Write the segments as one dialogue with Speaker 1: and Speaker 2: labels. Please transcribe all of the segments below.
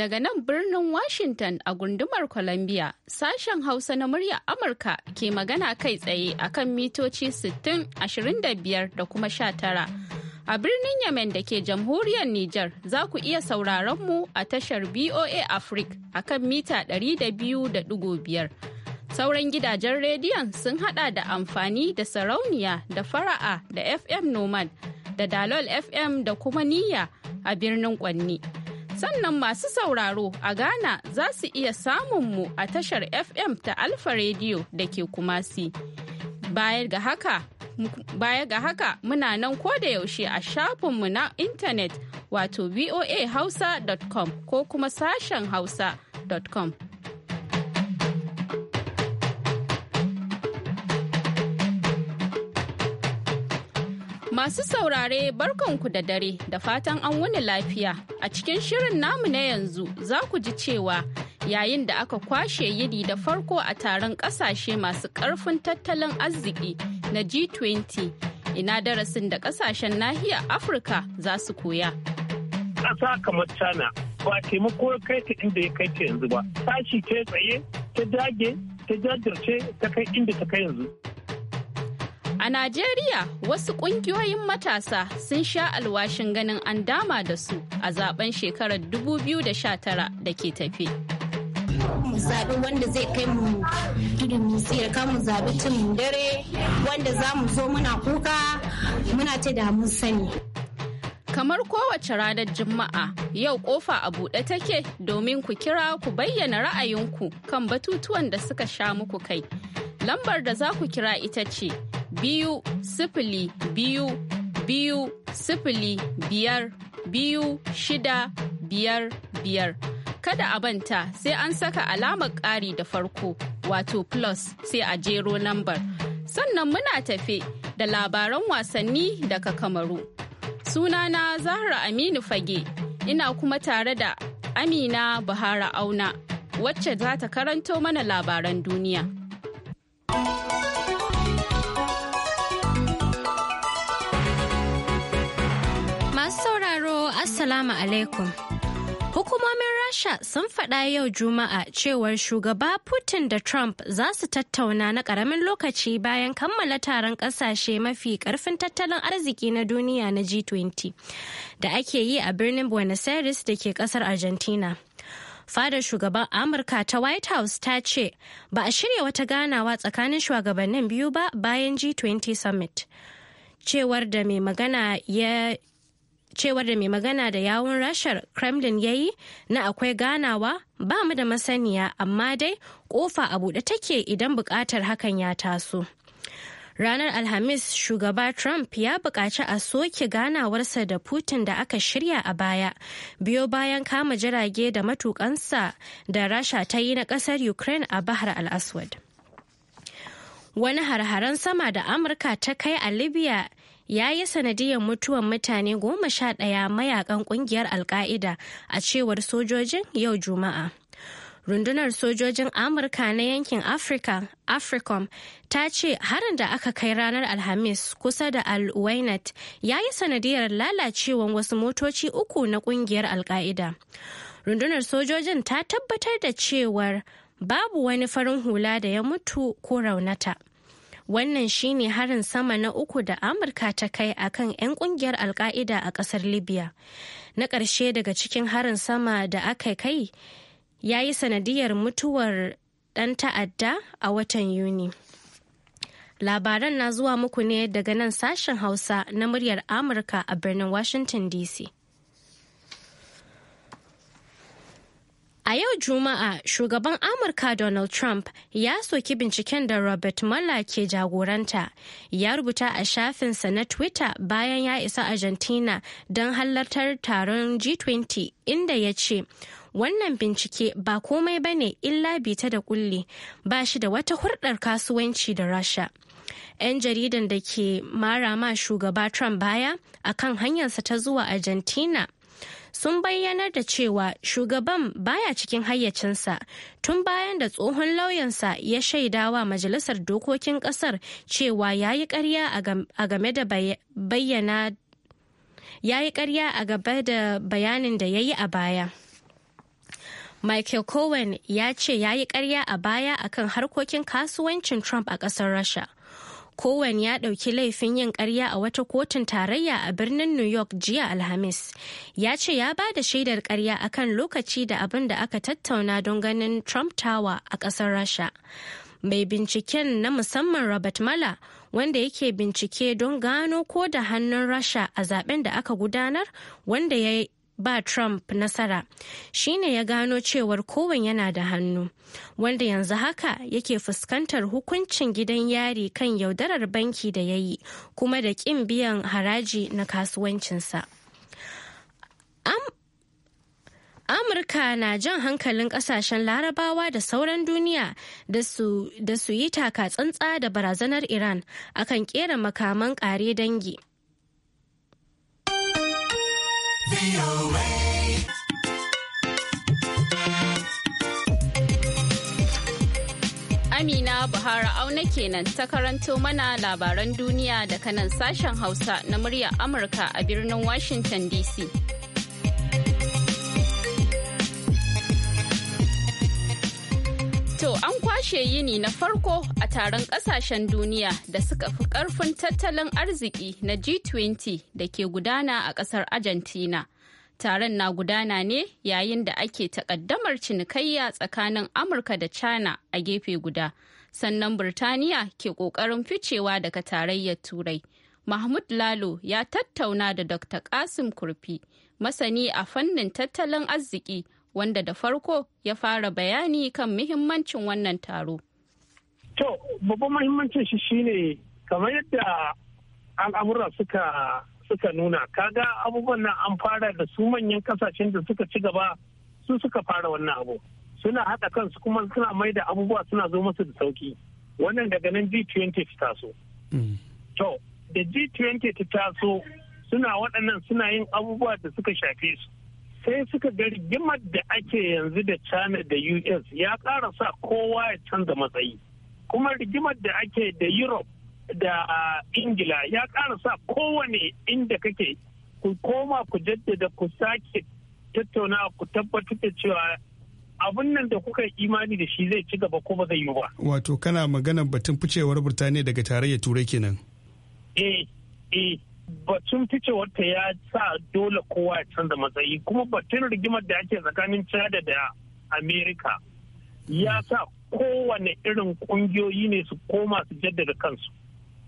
Speaker 1: Daga nan birnin Washington a gundumar Columbia, sashen Hausa na murya Amurka ke magana kai tsaye akan mitoci 60, 25 da kuma 19. A birnin Yemen da ke jamhuriyar Nijar za ku iya sauraron mu a tashar BOA Africa akan mita 200.5. Sauran gidajen rediyon sun hada da amfani da sarauniya da fara'a da FM Noman, da Dalol FM da kuma niyya a birnin Kwanni. Sannan masu sauraro a Ghana za su iya samunmu a tashar FM ta Alfa Radio da ke Kumasi. Baya ga haka, muna nan da yaushe a shafinmu na intanet wato voahausa.com ko kuma sashen hausa.com. Masu saurare barkanku da dare da fatan an wuni lafiya a cikin shirin namu na yanzu za ku ji cewa yayin da aka kwashe yini da farko a taron ƙasashe masu ƙarfin tattalin arziki na G20 ina darasin da ƙasashen nahiya Afirka za su
Speaker 2: koya. Ƙasa kamar China ba taimako kai ta inda ya kai ta yanzu ba, tashi ta tsaye, ta dage, ta jajirce ta kai inda ta kai yanzu.
Speaker 1: A Najeriya wasu ƙungiyoyin matasa sun sha alwashin ganin an dama da su a zaben shekarar 2019 da ke tafe.
Speaker 3: mu zaɓi wanda zai kai mu tudun mu tsirka zaɓi tunin dare wanda za mu zo muna kuka muna ta da sani. Kamar
Speaker 1: kowace ranar Juma'a yau kofa a buɗe take domin ku kira ku bayyana ra'ayinku kan batutuwan da suka sha muku kai. Lambar da za ku kira ita ce biyu sifili biyu biyu sifili biyar biyu shida biyar biyar. Kada a banta sai an saka alamar ƙari da farko wato plus sai a jero lambar. Sannan muna tafe da labaran wasanni daga Kamaru. Sunana Zahra Aminu Fage ina kuma tare da Amina Buhara Auna wacce za ta karanto mana labaran duniya.
Speaker 3: Assalamu alaikum. Hukumomin Rasha sun faɗa yau Juma'a cewar shugaba Putin da Trump za su tattauna na ƙaramin lokaci bayan kammala taron ƙasashe mafi ƙarfin tattalin arziki na duniya na G20 da ake yi a birnin Buenos Aires da ke ƙasar Argentina. fadar shugaban amurka ta white house ta ce ba a shirya wata ganawa tsakanin shugabannin biyu ba bayan g20 summit cewar da mai magana ya cewar da mai magana da yawun rashar kremlin ya yi na akwai ganawa ba mu da masaniya amma dai kofa a buɗe take idan buƙatar hakan ya taso ranar alhamis shugaba trump ya buƙaci a soke ganawarsa da putin da aka shirya a baya biyo bayan kama jirage da matukansa da rasha ta yi na ƙasar ukraine a bahar al-aswad wani harharen sama da amurka ta kai a libya ya yi sanadiyar mutuwan mutane goma sha ɗaya mayakan ƙungiyar alka'ida a cewar sojojin yau juma'a rundunar sojojin amurka na yankin afirka africom ta ce harin da aka kai ranar alhamis kusa da al-wainat ya yi sanadiyar lalacewan wasu motoci uku na ƙungiyar alka'ida rundunar sojojin ta tabbatar da cewar babu wani farin hula da ya mutu ko raunata Wannan shine harin sama na uku da Amurka ta kai akan 'yan kungiyar Alka'ida a ƙasar Libya. Na ƙarshe daga cikin harin sama da aka kai ya yi sanadiyar mutuwar ɗan ta'adda a watan Yuni. Labaran na zuwa muku ne daga nan sashen Hausa na muryar Amurka a birnin Washington DC. A yau Juma'a, shugaban Amurka Donald Trump ya soki binciken da Robert Mueller ke jagoranta. Ya rubuta a shafinsa na Twitter bayan ya isa Argentina don halartar taron G20 inda ya ce, Wannan bincike ba komai ba ne illa bita da kulli, ba shi da wata hurɗar kasuwanci da Rasha. 'yan jaridan da ke mara ma shugaba Trump baya a kan hanyarsa ta zuwa Argentina sun bayyanar da cewa shugaban baya cikin hayyacinsa tun bayan da tsohon lauyansa ya shaidawa majalisar dokokin kasar cewa ya yi karya a game da bayanin da ya yi a baya. Michael Cohen ya ce ya yi karya a baya akan harkokin kasuwancin Trump a ƙasar Russia. Kowan ya ɗauki laifin yin ƙarya a wata kotun tarayya a birnin New York jiya Alhamis. Ya ce ya ba da shaidar ƙarya kan lokaci da abin da aka tattauna don ganin Trump Tower a ƙasar Rasha. mai binciken na musamman Robert Mueller, wanda yake bincike don gano ko da hannun Rasha a zaben da aka gudanar wanda ya ba Trump nasara shi ne ya gano cewar kowan yana da hannu wanda yanzu haka yake fuskantar hukuncin gidan yari kan yaudarar banki da ya yi kuma da ƙin biyan haraji na kasuwancinsa. Amurka na jan hankalin kasashen larabawa da sauran duniya da su yi taka tsantsa da barazanar Iran akan kera makaman kare dangi.
Speaker 1: Amina Buhari auna kenan ta karanto mana labaran duniya da kanan sashen Hausa na muryar Amurka a birnin Washington DC. To an kwashe yini na farko a taron ƙasashen duniya da suka fi ƙarfin tattalin arziki na G20 da ke gudana a ƙasar Argentina. Taron na gudana ne yayin da ake takaddamar cinikayya tsakanin Amurka da China a gefe guda. Sannan Birtaniya ke ƙoƙarin ficewa daga tarayyar Turai. Mahmud Lalo ya tattauna da Dr. Kasim Kurfi, masani a fannin tattalin arziki wanda da farko ya fara bayani kan muhimmancin wannan taro.
Speaker 2: To, babban muhimmancin shi shine kamar yadda al'amura suka suka nuna kaga abubuwan nan an fara da su manyan kasashen da suka ci gaba su suka fara wannan abu suna haɗa kansu kuma suna mai da abubuwa suna zo musu da sauki wannan daga nan G20 ta taso. Mm. To, da G20 ta taso suna waɗannan suna yin abubuwa da suka shafe su. sai suka ga rigimar da ake yanzu da china da us ya ƙara sa kowa ya canza matsayi kuma rigimar da ake da europe da uh, ingila ya ƙara sa kowane inda kake ku koma ku jaddada ku sake tattauna ku tabbatar da cewa abin nan da kuka yi imani da shi zai ci gaba ko ba zai yi ba
Speaker 4: wato kana maganar batun ficewar birtaniya daga tarayyar turai kenan
Speaker 2: eh eh batun wata ya sa dole kowa ya canza matsayi kuma batun rigimar da ake tsakanin chada da america ya sa kowane irin kungiyoyi ne su koma su jaddada kansu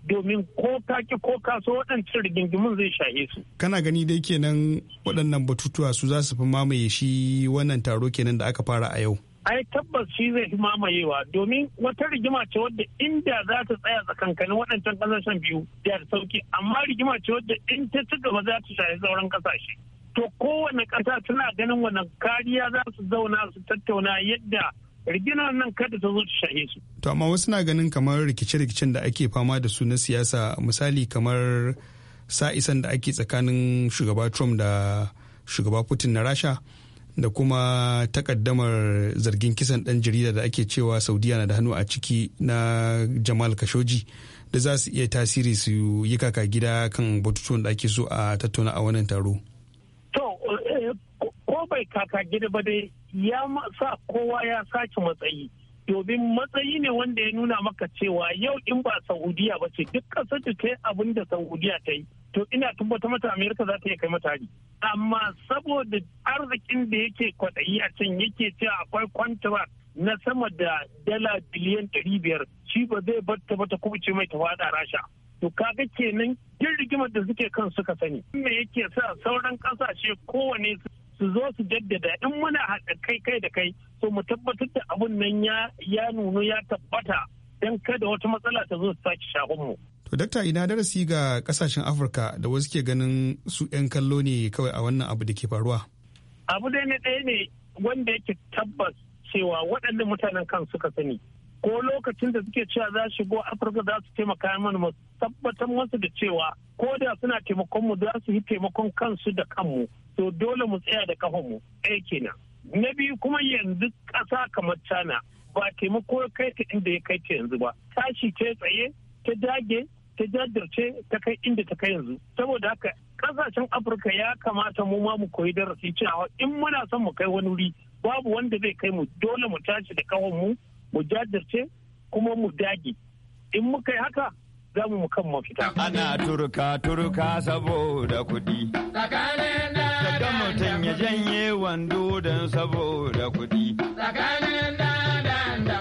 Speaker 2: domin ko kaki ko kaso waɗancan rigingimin zai shahe su
Speaker 4: kana gani dai kenan waɗannan batutuwa su za su fi mamaye shi wannan taro kenan da aka fara a yau
Speaker 2: ai tabbas shi zai fi mamayewa domin wata rigima ce wadda inda za ta tsaya tsakankanin waɗancan ƙasashen biyu da sauki amma rigima ce wadda in ta ci gaba za ta shafi sauran ƙasashe to kowane ƙasa tana ganin wani kariya za su zauna su tattauna yadda rigina nan kada ta zo ta shahe su.
Speaker 4: to amma wasu na ganin kamar rikice-rikicen da ake fama da su na siyasa misali kamar sa'isan da ake tsakanin shugaba trump da shugaba putin na rasha da kuma takaddamar zargin kisan ɗan jarida da ake cewa saudiya na da hannu a ciki na jamal kashoji da za su iya tasiri su yi kaka gida kan batutuwan da ake so a tattauna a wannan taro
Speaker 2: to eh, ko bai kaka gida ba dai ya sa kowa ya sake matsayi domin matsayi ne wanda ya nuna maka cewa yau in ba saudiya ba ce duk ƙasar ta yi abin da saudiya ta yi to ina tabbata mata amerika za ta iya kai mata hari amma saboda arzikin da yake kwaɗayi a can yake ce akwai contract na sama da dala biliyan ɗari biyar shi ba zai ta ba ta kubuce mai ta fada rasha to kaga kenan yin rigimar da suke kan suka sani me yake sa sauran ƙasashe kowane su zo su jaddada in muna haɗa kai kai da kai so mu tabbatar da abun nan ya nunu ya tabbata don kada wata matsala ta zo ta sake shagon mu
Speaker 4: To dakta ina darasi ga kasashen Afirka da wasu ke ganin su 'yan kallo ne kawai a wannan abu da ke faruwa.
Speaker 2: Abu dai na ɗaya ne wanda yake tabbas cewa waɗannan mutanen kan suka sani. Ko lokacin da suke cewa za shigo Afirka za su taimaka mana mu tabbatar masu da cewa ko da suna taimakon mu za su yi taimakon kansu da kanmu. To dole mu tsaya da mu Ɗaya kenan. Na biyu kuma yanzu ƙasa kamar tana ba taimako kai ta inda ya kai ta yanzu ba. Tashi ta tsaye ta dage ta jajirce ta kai inda ta kai yanzu saboda haka kasashen afirka ya kamata mu ma mu koyi darasi cewa in muna son mu kai wani wuri babu wanda zai kai mu dole mu tashi da kawon mu mu jajirce kuma mu dage in muka yi haka za
Speaker 5: mu kan mafita. Ana turka turka saboda kuɗi. da mutum ya janye wando don saboda kuɗi.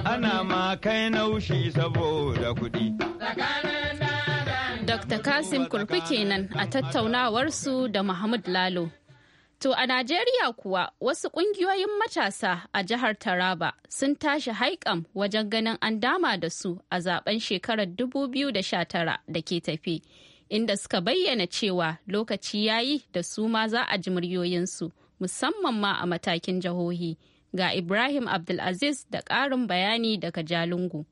Speaker 5: Ana ma kai naushi saboda kuɗi.
Speaker 1: Dr. Kasim Kurfi kenan a tattaunawarsu da Mahmud Lalo. To a Najeriya kuwa wasu ƙungiyoyin matasa a jihar Taraba sun tashi haikam wajen ganin an dama da su a zaben shekarar 2019 da ke tafi, inda suka bayyana cewa lokaci yayi da su ma za a ji muryoyinsu musamman ma a matakin jihohi. Ga Ibrahim Abdulaziz da ƙarin bayani daga Jalingo.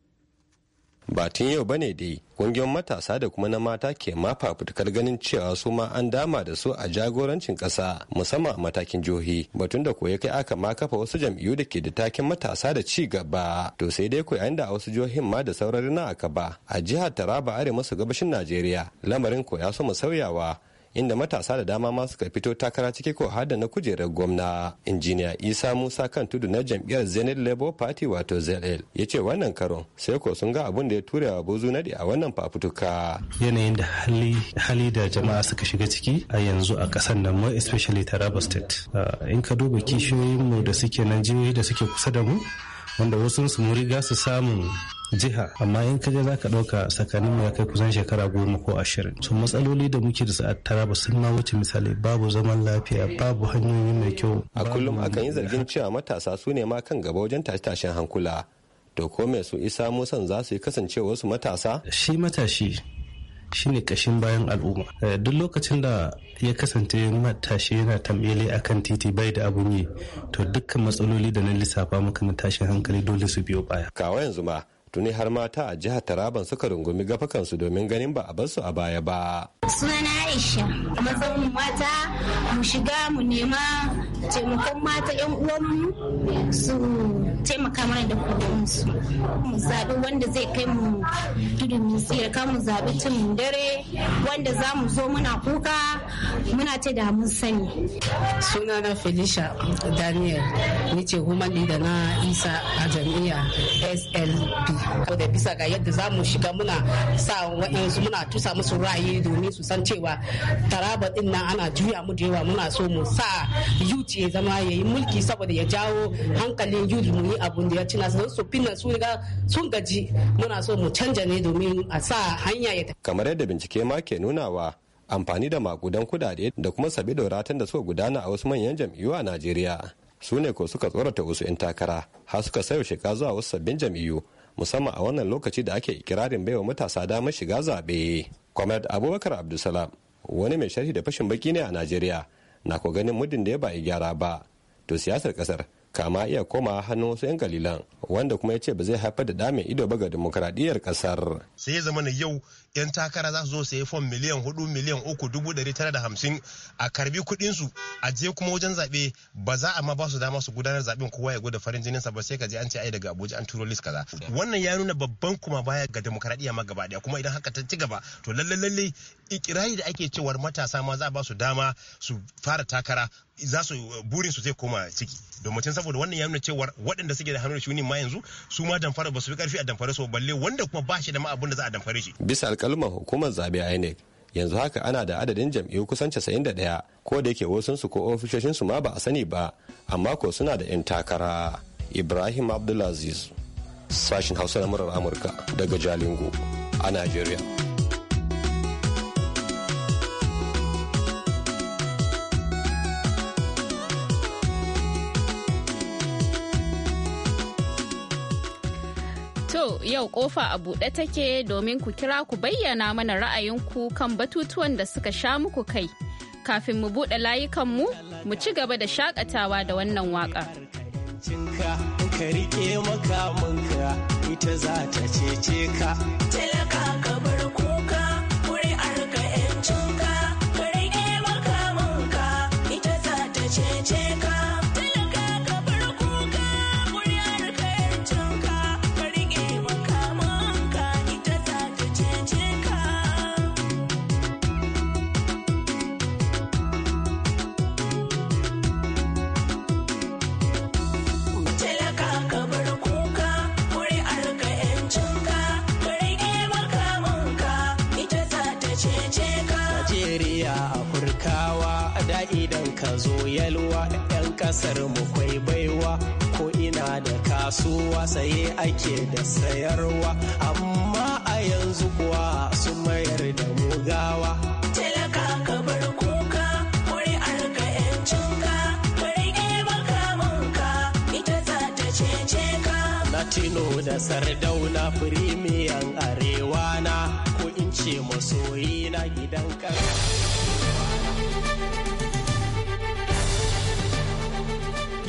Speaker 5: ba tun yau bane dai kungiyoyin matasa da kuma na mata ke ma fafutukar ganin cewa su ma an dama da su a jagorancin kasa musamman a matakin jihohi batun da koya kai aka ma kafa wasu jam'iyyu da ke da takin matasa da ci gaba to sai dai yayin da a wasu jihohin ma da saurari na aka ba a jihar taraba arewa maso gabashin najeriya lamarin koya so mu sauyawa inda matasa da dama ma suka fito takara ciki ko har na kujerar gwamna injiniya isa musa kan tudu na jam'iyyar zenith labour party wato zl ya ce wannan karon sai ko sun ga abun da ya ture wa bozu nadi a wannan fafutuka
Speaker 6: yanayin da hali hali da jama'a suka shiga ciki a yanzu a kasar nan mu especially taraba state ah, in ka duba kishiyoyin mu da suke nan jihohi da suke kusa da mu wanda wasu su mun riga su samu jiha amma in ka za zaka ɗauka tsakanin mu ya kai kusan shekara goma ko ashirin so matsaloli da muke da su a taraba sun ma wuce misali babu zaman lafiya babu hanyoyi mai kyau a kullum akan yi
Speaker 5: zargin cewa matasa su ne ma kan gaba wajen tashi tashen hankula to ko me su isa musan za su yi kasancewa wasu matasa shi
Speaker 6: matashi shine kashin bayan al'umma eh, duk lokacin da ya kasance matashi yana tambayele akan titi bai da abun yi to dukkan matsaloli da na lissafa maka na tashin hankali dole su biyo baya
Speaker 5: kawa yanzu ma tuni har mata a jihar taraban suka rungumi gafakansu domin ganin ba a bar su a baya ba
Speaker 3: sunana aisha matsayin mata mu shiga mu nema taimakon mata yan uwanmu su taimaka mana da kudinsu mu zaɓi wanda zai kai mu tudun mu tsira mu zaɓi tun dare wanda za mu zo muna kuka muna ta da mun sani na felicia daniel ni ce human leader na isa a
Speaker 1: jam'iyya slp da bisa ga yadda za mu shiga muna sa wa'insu muna tusa musu ra'ayi domin su san cewa taraba din nan ana juya mu da yawa muna so mu
Speaker 3: sa yuci ya zama ya yi mulki saboda ya jawo hankalin yudu mu yi abun da ya ci su su finna su riga sun gaji muna so mu canja ne domin a sa hanya ya
Speaker 5: kamar yadda bincike ma ke nunawa amfani da makudan kudade da kuma sabi ratan da suka gudana a wasu manyan jam'iyyu a najeriya su ne ko suka tsorata wasu 'yan takara har suka sayo shiga zuwa wasu sabbin jam'iyyu musamman a wannan lokaci da ake ikirarin baiwa matasa damar shiga zaɓe. Comrade Abubakar Abdulsalam wani mai sharhi da fashin baki ne a Najeriya na ko ganin muddin da ya ba gyara ba to siyasar kasar kama iya koma hannu wasu 'yan kalilan wanda kuma ya ce ba zai haifar da damin ido ba ga demokradiyyar kasar sai ya zama na yau 'yan takara za su zo sayi fom miliyan hudu miliyan uku dubu dari tara da hamsin a karbi kudinsu a je kuma wajen zaɓe ba za a ma ba su dama su gudanar zaɓen kowa ya gwada farin jinin sa ba sai ka je an ce ai daga Abuja an turo list kaza wannan ya nuna babban kuma baya ga demokaradiyya ma gaba kuma idan haka ta ci gaba to lalle lalle ikirari da ake cewar matasa ma za a ba su dama su fara takara za su burin su zai koma ciki domin saboda wannan ya nuna cewar waɗanda suke da hannun shuni ma yanzu su ma damfara ba su fi karfi a damfare su balle wanda kuma ba shi da ma abin da za a damfare shi bisa kalmar hukumar zabe inec yanzu haka ana da adadin jam'iyyu kusan 91 ko da yake su ko su ma ba a sani ba amma ko suna da 'yan takara ibrahim abdulaziz sashin hausa na murar amurka daga jalingo a nigeria.
Speaker 1: yau kofa a buɗe take domin ku kira ku bayyana mana ra'ayinku kan batutuwan da suka sha muku kai. Kafin mu buɗe layukanmu, mu ci gaba da shakatawa da wannan waƙa.
Speaker 3: bar kuka,
Speaker 7: zo yalwa 'yan kasar mu kwai baiwa ko ina da kasuwa saye ake da sayarwa amma a yanzu kuwa sun mayar da
Speaker 3: mugawa talaka ka bar kuka makamanka ita za cece ka
Speaker 7: da sardauna firimiyan arewa na ko in ce masoyi na gidan ƙasa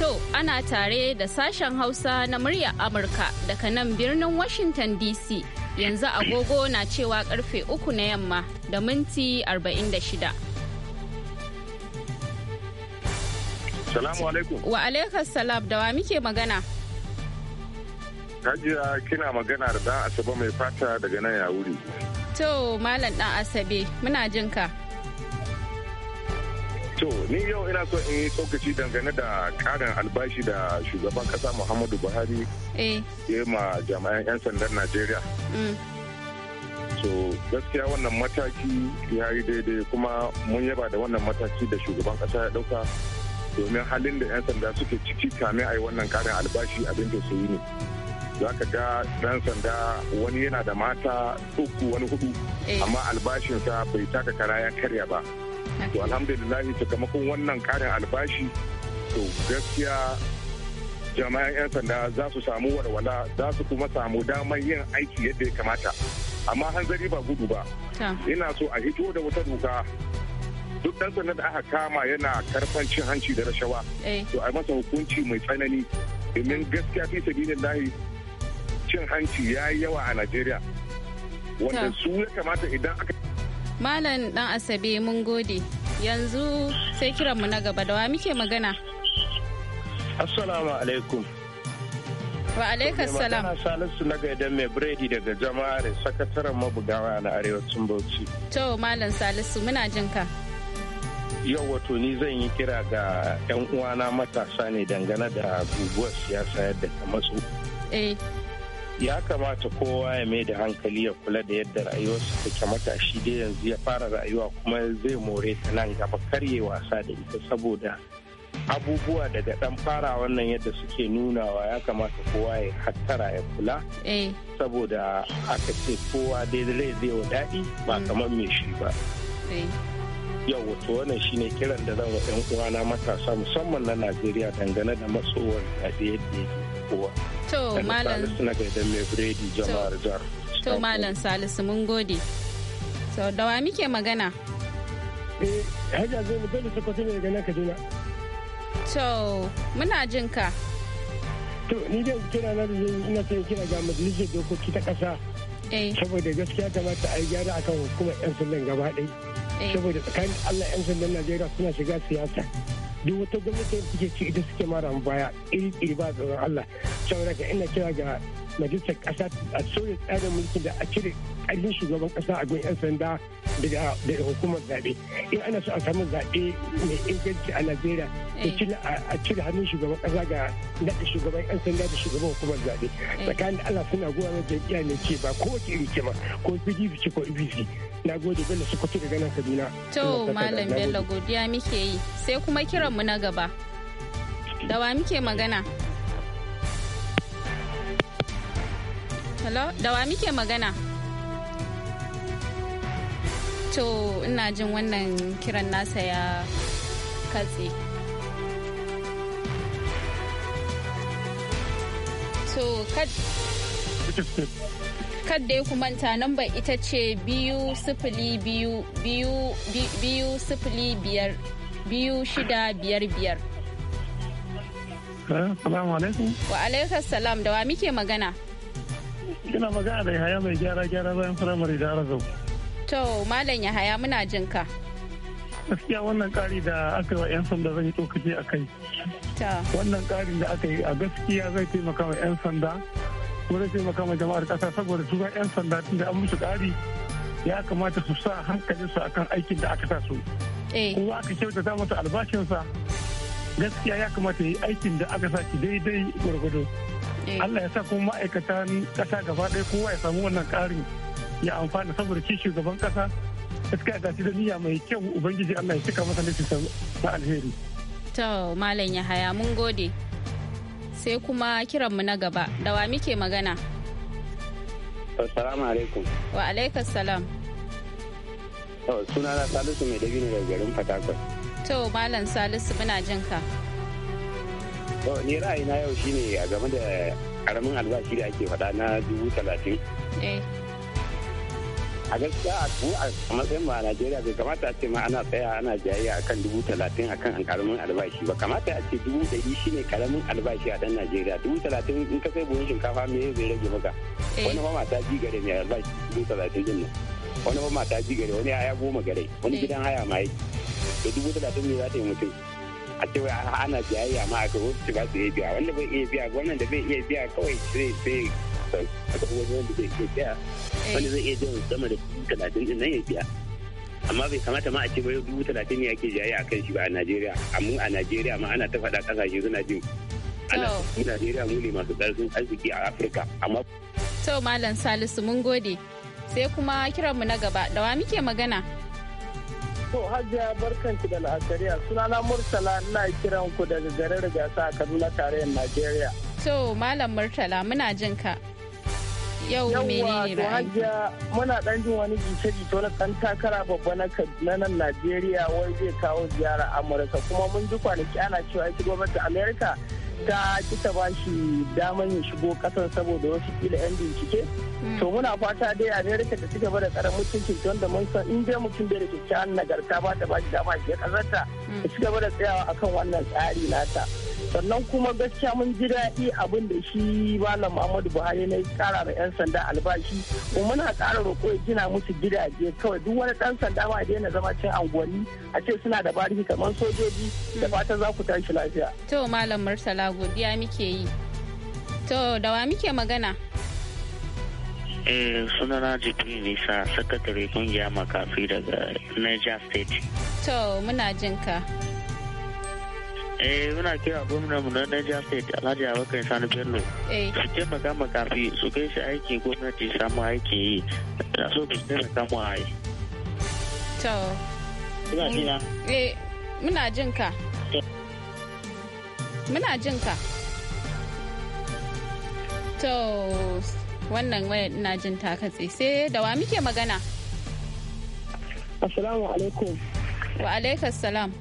Speaker 1: To ana tare da sashen Hausa na murya Amurka daga nan birnin Washington DC yanzu agogo na cewa karfe uku na yamma da minti 46.
Speaker 7: Salamu alaikum.
Speaker 1: Wa alaikas salam da wa muke magana?
Speaker 8: Hajiya kina magana da ɗan Asabe mai fata daga nan ya wuri.
Speaker 1: To Malam ɗan Asabe muna jinka. ka.
Speaker 8: To, ni yau ina so in yi tsokaci dangane da karin albashi da shugaban kasa Muhammadu Buhari eh. ya ma jami'an 'yan sandar Najeriya. Mm. So, gaskiya wannan mataki ya yi daidai kuma mun yaba da wannan mataki da shugaban kasa ya dauka domin halin da 'yan sanda suke ciki kame a yi wannan karin albashi abin da su yi ne. za ka ga dan sanda wani yana da mata uku wani hudu eh. amma albashinsa bai taka kara ya karya ba. to alhamdulillah sakamakon wannan karin albashi to gaskiya jama'an 'yan sanda za su samu walwala za su kuma samu damar yin aiki yadda ya kamata amma hanzari ba gudu ba ina so a hito da wata doka duk dan sanda da aka kama yana karfan cin hanci da rashawa eh. to a masa hukunci mai tsanani domin gaskiya fi sabilin lahi cin hanci ya yi yawa a najeriya wanda su ya kamata idan aka
Speaker 1: Malam dan Asabe mun gode. Yanzu sai kiranmu na gaba da wa muke magana.
Speaker 9: Assalamu alaikum.
Speaker 1: Wa alaikas assalam Magana
Speaker 9: Salisu na gaida mai biredi daga jama'ar sakataren mabugawa na arewacin Bauchi.
Speaker 1: To Malam Salisu muna jin ka.
Speaker 9: Yau wato ni zan yi kira ga 'yan uwana matasa ne dangane da guguwar siyasa yadda ta matsu. Eh. ya kamata kowa ya mai da hankali ya kula da yadda rayuwarsa take matashi dai yanzu ya fara rayuwa kuma zai more ta nan gaba karye wasa da ita saboda abubuwa daga dan fara wannan yadda suke nunawa ya kamata kowa ya hattara ya kula eh. saboda aka ce kowa dai-dai zai wa daɗi ba mm. kamar mai shi ba eh. yau wato wannan shine kiran da zan wa 'yan uwana matasa musamman na najeriya dangane da matsowar zaɓe yadda yake kowa.
Speaker 1: To Malam. Salisu
Speaker 9: na gaidan mai biredi jama'ar jihar.
Speaker 1: To Malam Salisu mun gode. So da wa muke magana?
Speaker 7: Eh, Hajja zai mu dole su kwafi daga nan Kaduna.
Speaker 1: To muna jin ka.
Speaker 7: To ni dai kira na da ina son kira ga majalisar dokoki ta ƙasa. Eh. Saboda gaskiya kamata a yi gyara akan hukumar 'yan sandan gaba ɗaya. Eh. Saboda tsakanin Allah 'yan sandan Najeriya suna shiga siyasa. duk wata gwamnati da suke ci ita suke mara baya iri ba tsoron Allah saboda ka ina kira ga majalisar kasa a sauya tsarin mulkin da a cire ƙarfin shugaban kasa a gun 'yan sanda daga hukumar zaɓe in ana so a samu zaɓe mai inganci a Najeriya eh. a cire hannun shugaban kasa ga naɗa shugaban 'yan sanda da shugaban hukumar zaɓe eh. tsakanin Allah suna goyon da jam'iyya ne ce ba kowace iri ce ma ko PDP ce ko APC na gode bello su kuke daga nan kaduna to malam bello
Speaker 1: godiya muke yi sai kuma kiran mu na gaba da wa muke magana hello da wa muke magana to ina jin wannan kiran nasa ya katse so kad da ya kumanta number ita ce biyu sifili biyu biyu biyu sifili biyar biyu shida biyar biyar.
Speaker 2: Eh, Salamu alaikum.
Speaker 7: Wa
Speaker 1: alaikas salam da wa muke magana?
Speaker 2: ina magana da Yahaya mai gyara
Speaker 7: gyara bayan firamare da Arazau.
Speaker 1: To, Malam Yahaya muna jin ka.
Speaker 7: Gaskiya wannan ƙari da aka yi wa 'yan sanda zai tokace a kai. Wannan ƙarin da aka yi a gaskiya zai taimaka wa 'yan sanda zai taimaka ma jama'ar kasa saboda su yan sanda tun da an musu ƙari ya kamata su sa hankalin su akan aikin da aka sa su eh. kuma aka kyautata masa albashinsa gaskiya ya kamata yi aikin da aka sa shi daidai gwargwado eh. Allah ya sa kuma ma'aikatan kasa gaba ɗaya kowa ya samu wannan ƙarin ya amfana saboda shi shugaban ƙasa gaskiya ga shi da niyya mai kyau ubangiji Allah ya
Speaker 9: cika masa nufinsa na alheri.
Speaker 1: To Malam Yahaya mun gode. sai kuma kiranmu na gaba da wa muke magana
Speaker 9: assalamu alaikum
Speaker 1: wa alaikas salam
Speaker 9: suna na salisu mai dabi ne daga garin fatakar.
Speaker 1: to malam salisu muna jin ka
Speaker 9: ni na yau shine a game da karamin albashi da ake faɗa na dubu talatin eh. a gaskiya a kuma a matsayin ma a Najeriya bai kamata a ce ma ana tsaya ana jayayya akan dubu talatin akan an karamin albashi ba kamata a ce dubu shi shine karamin albashi a dan Najeriya dubu talatin in ka sai buhun shinkafa me zai rage maka eh. wani ma mata ji gare mai albashi dubu talatin din nan wani ma mata ji gare wani aya goma gare wani eh. gidan haya ma yake da dubu talatin ne za ta yi mutum a ce ana jayayya ma aka wasu ba su iya biya wanda bai iya biya wannan da bai iya biya kawai sai sai a akwai wani wanda zai iya biya eh. wani zai iya biyan sama da dubu talatin din nan ya biya amma bai kamata ma a ce bai dubu talatin ne ake jaye a kan shi ba a najeriya amma a najeriya ma ana ta faɗa ƙasashe suna jin ana najeriya mu ne masu ƙarfin arziki a afirka amma.
Speaker 1: to malam salisu mun gode sai kuma kiranmu na gaba da wa muke magana.
Speaker 7: To Hajiya barkanki da la'asariya sunana Murtala ina kiran ku daga garin Rigasa a Kaduna tarayyar Najeriya.
Speaker 1: To Malam Murtala muna jin ka. yau menene
Speaker 7: muna dan jin wani jita-jita wani dan takara babba na nan Najeriya wai zai kawo ziyara Amurka kuma mun ji kwanaki ana cewa ita gwamnatin Amerika ta kita ba shi daman ya shigo kasar saboda wasu kila 'yan bincike mm. to muna fata dai amerika da cigaba da tsara mutuncin don da mun san in dai mutum da kyakkyawan nagarta ba ta ba shi dama shi kasarta mm. ta cigaba da tsayawa akan wannan tsari nata. sannan kuma gaskiya mun ji daɗi abin da shi malam muhammadu buhari na kara da yan sanda albashi kuma muna kara roƙo ya gina musu gidaje kawai duk wani ɗan sanda ma daina zama cin anguwanni a ce suna da bariki kamar sojoji da fatan za ku tashi lafiya.
Speaker 1: to malam murtala godiya muke yi to da wa muke magana.
Speaker 2: Eh,
Speaker 7: sunana jibril nisa sakatare kungiya makafi daga niger state.
Speaker 1: to muna jinka. ka.
Speaker 7: eh muna kira gwamnan mu na Niger State Alhaji Abubakar Sani Bello eh. su magama kafi su kai shi aiki gwamnati samu aiki yi da so su taimaka mu a yi. To. Muna mm. jina.
Speaker 1: Eh muna jin ka. Muna jin ka. To wannan waya ina jin ta katse sai da wa muke magana.
Speaker 7: Assalamu alaikum.
Speaker 1: Wa alaikum salam.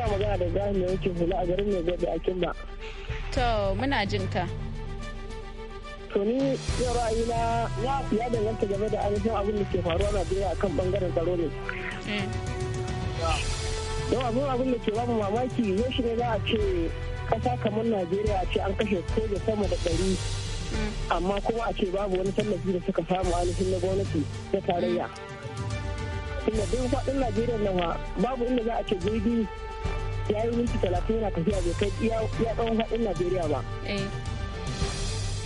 Speaker 7: kuna magana da Ibrahim yake hula a garin mai gobe a Kimba.
Speaker 1: To muna jin ka.
Speaker 7: To ni yau ra'ayi na ya danganta game da ainihin abin da ke faruwa na Najeriya akan bangaren tsaro ne. Eh. Don abin abin da ke babu mamaki yau shi ne za a ce kasa kamar Najeriya ce an kashe soja sama da ɗari mm. amma kuma a ce babu wani tallafi da suka samu ainihin na gwamnati na tarayya. Mm. Tunda duk faɗin Najeriya nan babu inda za a ce jirgi ya yi minti talatin yana tafiya bai kai ya tsawon haɗin najeriya ba eh.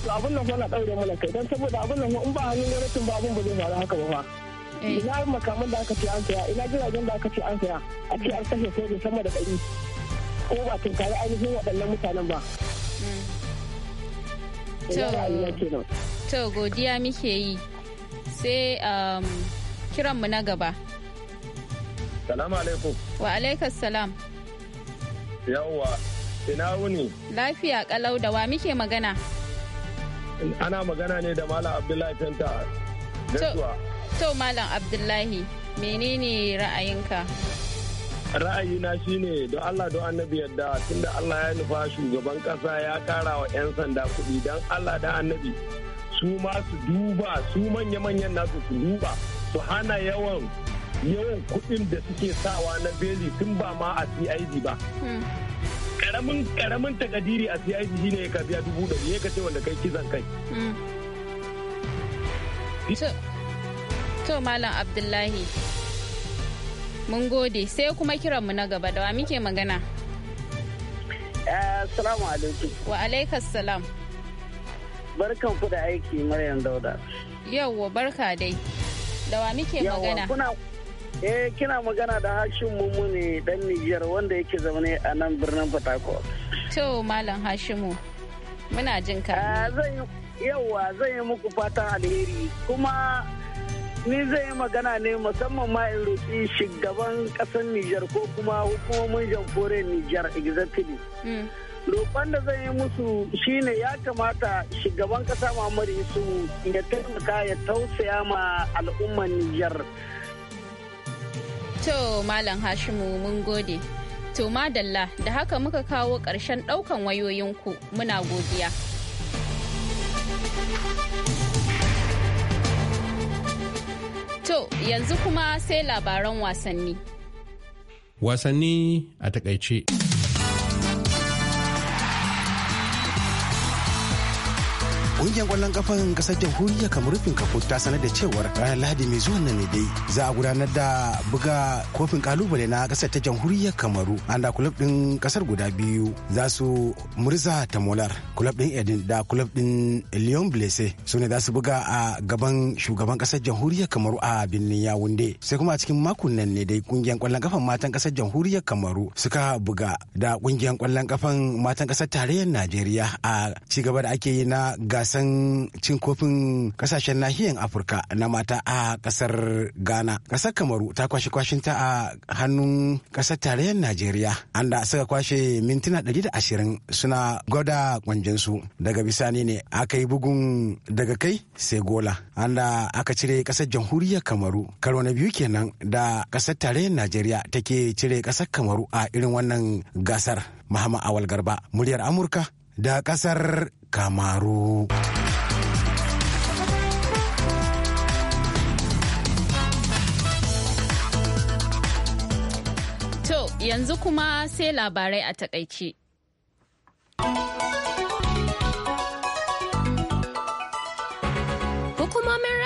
Speaker 7: to abin nan fa na ɗaure mana kai don saboda abin nan in ba hannun gwamnatin ba abin ba zai faru haka ba fa eh. ina makaman da aka ce an saya ina jiragen da aka ce an saya a ce an kashe sojin sama da ɗari ko ba tunkari ainihin waɗannan mutanen ba
Speaker 1: To godiya muke yi sai um, kiranmu na gaba.
Speaker 7: Salamu alaikum.
Speaker 1: Wa alaikas salam.
Speaker 7: Yawwa, ina wuni?
Speaker 1: Lafiya kalau da wa muke magana?
Speaker 7: Ana magana ne da Malam Abdullahi Fenta. To,
Speaker 1: Malam Abdullahi, menene ra'ayinka?
Speaker 7: ra'ayina shine don Allah don annabi yadda tunda Allah ya nufa shugaban kasa ya kara wa 'yan sanda kuɗi don Allah da annabi su ma su duba su manya-manyan nasu su duba su hana yawan yawan kuɗin da suke sawa na beli tun ba ma a cid ba hmm. karamin karamin takadiri a cid shine ka biya dubu ɗari ya kace wanda kai kisan kai
Speaker 1: hmm. to malam abdullahi mun gode sai kuma kiranmu na gaba da wa muke magana
Speaker 7: Assalamu eh, alaikum.
Speaker 1: Wa alaikas salam.
Speaker 7: Barkan ku da aiki Maryam Dauda.
Speaker 1: Yawwa barka dai. Da wa muke magana?
Speaker 7: Eh kina magana da Hashim dan Nijar wanda yake zaune a nan birnin Fatako.
Speaker 1: To Malam Hashimu muna jin ka. Ah,
Speaker 7: yauwa zan yi muku fatan alheri kuma ni zai magana ne musamman ma in roƙi shugaban ƙasar Nijar ko kuma hukumomin jamhuriyar Nijar exactly. Mm. roƙon da zan yi musu shine ya kamata shugaban ƙasa Muhammadu Yusuf ya taimaka ya tausaya ma al'ummar Nijar. To
Speaker 1: Malam Hashimu mun gode. To Madalla da haka muka kawo ƙarshen ɗaukan wayoyinku muna godiya. To yanzu kuma sai labaran wasanni.
Speaker 6: Wasanni a takaice. Kungiyar kwallon kafan kasar jamhuriyar rufin Kafo ta sanar da cewar ranar Lahadi mai zuwan nan ne dai za a gudanar da buga kofin kalubale na kasar ta jamhuriyar Kamaru. Anda kulab din kasar guda biyu za su murza tamolar kulab din Edin da kulab din Lyon Blese su ne za su buga a gaban shugaban kasar jamhuriyar Kamaru a birnin Yawunde. Sai kuma a cikin makon nan ne dai kungiyar kwallon kafan matan kasar jamhuriyar Kamaru suka buga da kungiyar kwallon kafan matan kasar tarayyar Najeriya a cigaba da ake yi na gas gasan cin kofin kasashen nahiyar afirka na mata a kasar ghana kasar kamaru ta kwashe kwashinta a hannun kasar tarayyar najeriya an da suka kwashe mintuna da ashirin suna gwada kwanjinsu daga bisani ne aka yi bugun daga kai sai gola an da aka cire kasar jamhuriyar kamaru karo na biyu kenan da kasar tarayyar najeriya take cire kasar kamaru a irin wannan gasar Muhammad Awal Garba, muryar Amurka da ƙasar kamaru.
Speaker 1: To yanzu kuma sai labarai a takaice.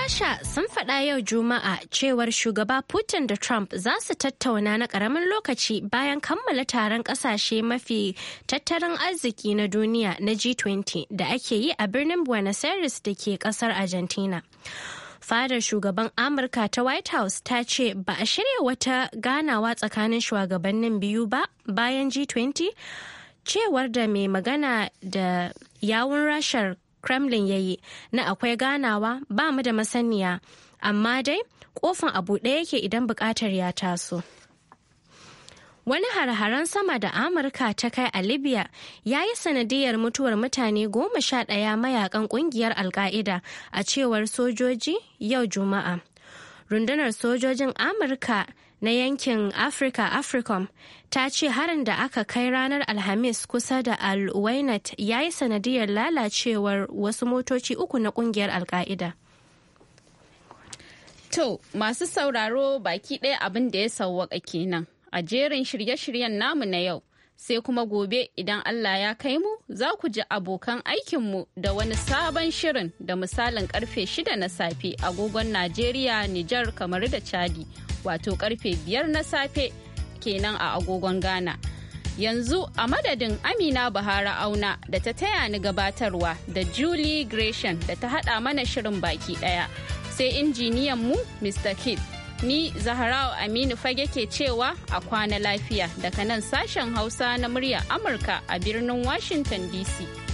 Speaker 3: Rasha sun faɗa yau Juma'a cewar shugaba Putin da Trump za su tattauna na ƙaramin lokaci bayan kammala taron ƙasashe mafi tattalin arziki na duniya na G20 da ake yi a birnin Buenos Aires da ke ƙasar Argentina. fadar shugaban amurka ta white house ta ce ba a shirya wata ganawa tsakanin shugabannin biyu ba bayan g20 cewar da mai magana da yawun rashar kremlin ya yi na akwai ganawa ba mu da masaniya amma dai kofin abu ɗaya yake idan buƙatar ya taso wani harharen sama da amurka ta kai a libya ya yi sanadiyar mutuwar mutane goma sha ɗaya mayakan ƙungiyar alƙa'ida a cewar sojoji yau juma'a rundunar sojojin amurka na yankin Africa Africom ta ce harin da aka kai ranar Alhamis kusa da Al-Wainat ya yi sanadiyar lalacewar wasu motoci uku na kungiyar al
Speaker 1: To, masu sauraro baki ɗaya abin da ya sauwaka kenan a jerin shirye-shiryen namu na yau. Sai kuma gobe idan Allah ya kai mu za ku ji abokan aikinmu da wani sabon shirin da misalin karfe shida na safe agogon Najeriya, Nijar, kamar da Chadi. wato karfe biyar na safe kenan a agogon Ghana. Yanzu a madadin Amina Bahara Auna da ta taya ni gabatarwa da Julie Gresham da ta haɗa mana shirin baki ɗaya. Sai injiniyan mu Mr. Kid. Ni Zaharau Aminu fage ke cewa a kwana lafiya daga nan sashen Hausa na murya Amurka a birnin Washington DC.